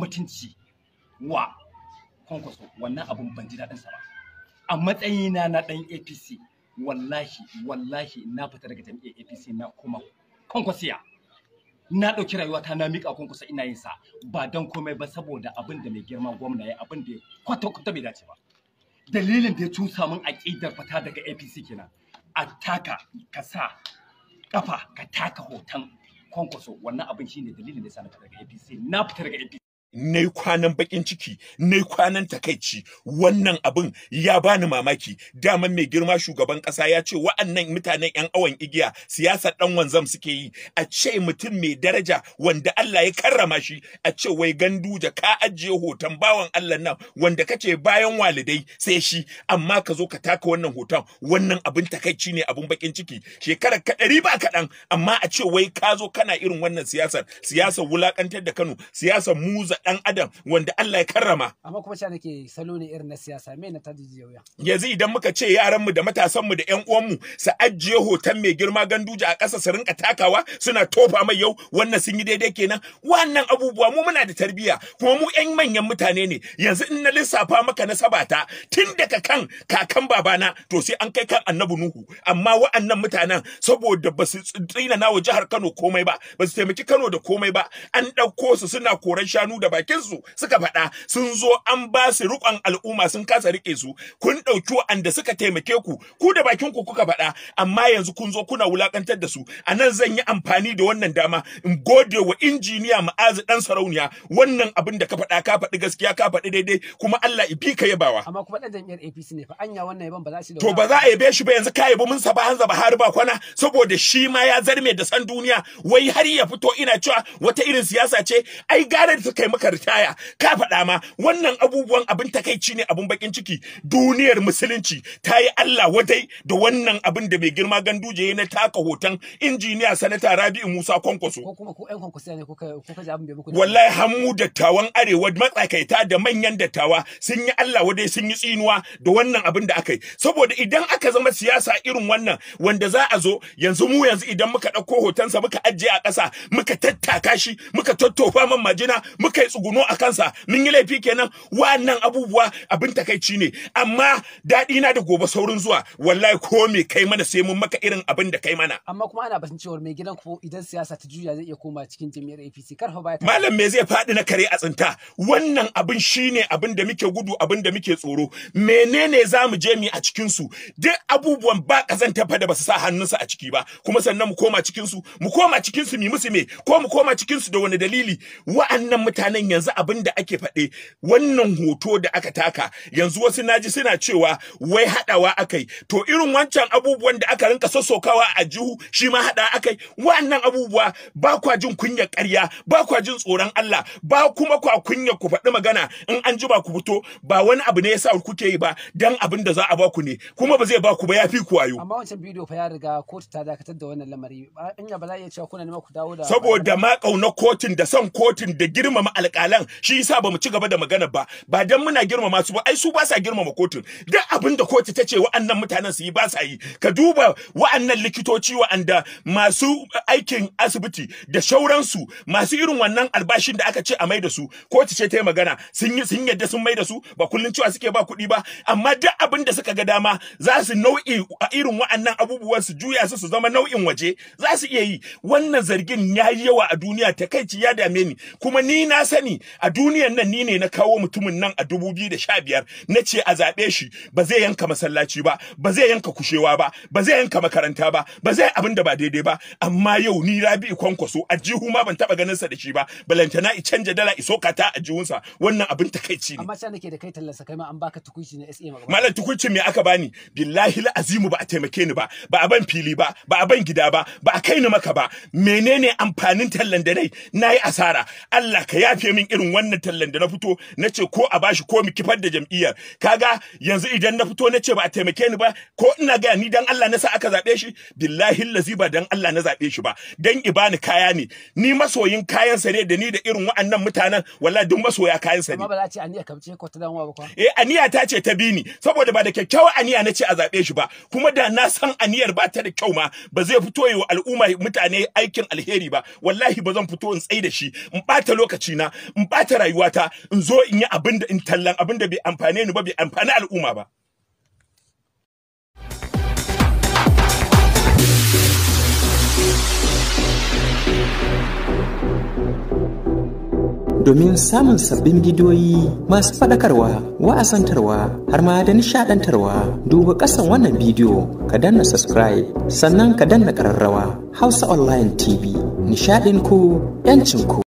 mutunci wa kwankwaso wannan abun ban ji daɗinsa ba a matsayina na ɗan apc wallahi wallahi na fita daga jam'iyyar apc na kuma kwankwasiya na ɗauki ta na miƙa kwankwasa ina yin sa ba don komai ba saboda abin da mai girma gwamna ya abin da kwata kwata bai dace ba dalilin da ya cusa min aƙidar fita daga apc kenan a taka ka sa kafa ka taka hoton kwankwaso wannan abin shine dalilin da ya sa na fita daga apc na fita daga apc na kwanan bakin ciki na kwanan takaici wannan abin ya bani mamaki daman mai girma shugaban ƙasa ya ce wa'annan mutanen yan awan igiya siyasar ɗan wanzam suke yi a ce mutum mai daraja wanda Allah ya karrama shi a ce wai ganduja ka ajiye hoton bawan Allah nan wanda kace bayan walidai sai shi amma ka zo ka taka wannan hoton wannan abin takaici ne abin bakin ciki shekarar ka ɗari ba kaɗan amma a ce wai ka zo kana irin wannan siyasar siyasar wulakantar da Kano siyasar muza ɗan adam wanda Allah ya karrama amma kuma cewa nake salo ne irin na siyasa me na tajiji yanzu idan muka ce yaran mu da matasan mu da ƴan uwan mu su ajiye hoton mai girma ganduje a ƙasa su rinka takawa suna tofa mai yau wannan sun yi daidai kenan wannan abubuwa mu muna da tarbiyya kuma mu ƴan manyan mutane ne yanzu in na lissafa maka na sabata tun daga kan kakan babana to sai an kai kan annabi nuhu amma wa'annan mutanen saboda ba su tsina nawa jihar Kano komai ba ba su taimaki Kano da komai ba an ɗauko su suna koran shanu da bakin su suka faɗa sun zo an ba su rukon al'umma sun kasa rike su kun ɗauki wa'anda suka taimake ku ku da bakin ku kuka faɗa amma yanzu kun zo kuna wulakantar da su anan zan yi amfani da wannan dama in gode wa injiniya ma'azu dan sarauniya wannan abin da ka faɗa ka faɗi gaskiya ka faɗi daidai kuma Allah ibi ka yabawa amma kuma dan jam'iyyar APC ne fa anya wannan yaban ba za shi da to ba za a yabe shi ba yanzu ka yabo mun sa ba hanza ba har ba kwana saboda shi ma ya zarme da san duniya wai har ya fito ina cewa wata irin siyasa ce ai gare da kai maka ritaya ka faɗa ma wannan abubuwan abin takaici ne abin bakin ciki duniyar musulunci ta yi Allah wadai da wannan abin da mai girma ganduje na taka hoton injiniya sanata Rabi'u Musa Kwankwaso ko kuma ko ƴan kwankwaso ne ko ka ji abin da muku wallahi hammu dattawan arewa matsakaita da manyan dattawa sun yi Allah wadai sun yi tsinuwa da wannan abin da aka yi saboda idan aka zama siyasa irin wannan wanda za a zo yanzu mu yanzu idan muka ɗauko hotonsa muka ajiye a ƙasa muka tattaka shi muka tattofa man majina muka yi tsuguno a kansa mun yi laifi kenan wa'annan abubuwa abin takaici ne amma daɗi na da gobe saurin zuwa wallahi ko me kai mana sai mun maka irin abin da kai mana amma kuma ana batun cewa mai gidan ku idan siyasa ta juya zai iya koma cikin jami'ar APC karfa baya malam me zai faɗi na kare a tsinta wannan abin shine abin da muke gudu abin da muke tsoro menene za mu je mu a cikin su duk abubuwan ba kazanta fa da basu sa hannunsu a ciki ba kuma sannan mu koma cikin su mu koma cikin su mi musu me ko mu koma cikin su da wani dalili wa'annan mutanen nan yanzu abin da ake faɗe wannan hoto da aka taka yanzu wasu naji suna cewa wai haɗawa akai to irin wancan abubuwan da aka rinka sassokawa a jihu shi ma haɗa akai wannan abubuwa ba kwa jin kunyar ƙarya ba kwa jin tsoron Allah ba kuma kwa kunyar ku faɗi magana in an ji ba ku fito ba wani abu ne yasa kuke yi ba dan abin da za a ba ku ne kuma ba zai ba ku ba yafi ku wayo amma wancan bidiyo fa ya riga kotu ta dakatar da wannan lamari ya ba za ya iya cewa kuna neman ku dawo da saboda ma kauna kotun da son kotun da girmama alƙalan shi yasa bamu ci gaba da magana ba ba dan muna girmama su ba ai su ba sa girmama kotun duk abin da kotu ta ce wa'annan mutanen su yi ba sa yi ka duba wa'annan likitoci wa'anda masu aikin asibiti da shauransu masu irin wannan albashin da aka ce a maida su kotu ce ta yi magana sun yi sun yadda sun maida su ba kullun cewa suke ba kuɗi ba amma duk abin da suka ga dama za su nau'i a irin wa'annan abubuwan su juya su su zama nau'in waje za su iya yi wannan zargin yayi yawa a duniya takaici ya dame ni kuma ni na sani a duniyan nan ni ne na kawo mutumin nan a 2015 ce a zaɓe shi ba zai yanka masallaci ba ba zai yanka kushewa ba ba zai yanka makaranta ba ba zai abin da ba daidai ba amma yau ni Rabi'u kwankwaso a jihu ma ban taba ganin sa da shi ba balantana i canja dala i ta a jihunsa wannan abin takaici ne amma sai nake da kai tallasa kai ma an baka tukunci na SA magana mallan tukunci me aka bani billahi azimu ba a taimake ni ba ba a ban fili ba ba a ban gida ba ba a kai ni maka ba menene amfanin tallan da nai nayi asara Allah ka yafi yafe min irin wannan tallan da na fito na ko a bashi ko mu kifar da jam'iyyar kaga yanzu idan na fito na ce ba a taimake ni ba ko ina ga ni dan Allah na sa aka zabe shi billahi lazi ba dan Allah na zabe shi ba dan ibani kaya ne ni masoyin kayan sa ne da ni da irin wa'annan mutanen wallahi duk masoya kayan sa ne amma ba za ce aniya kamce ko ta damuwa ba eh aniya ta ce ta bi ni saboda ba da kyakkyawar aniya na ce a zabe shi ba kuma da na san aniyar ba ta da kyau ma ba zai fito yi wa al'umma mutane aikin alheri ba wallahi ba zan fito in tsaye da shi in bata lokaci na in bata rayuwata in zo in yi abin in tallan abin da bai amfane ni ba bai amfani al'umma ba domin samun sabbin bidiyoyi masu faɗakarwa wa'azantarwa har ma da nishaɗantarwa duba ƙasan wannan bidiyo ka danna subscribe sannan ka danna ƙararrawa hausa online tv nishaɗinku 'yancinku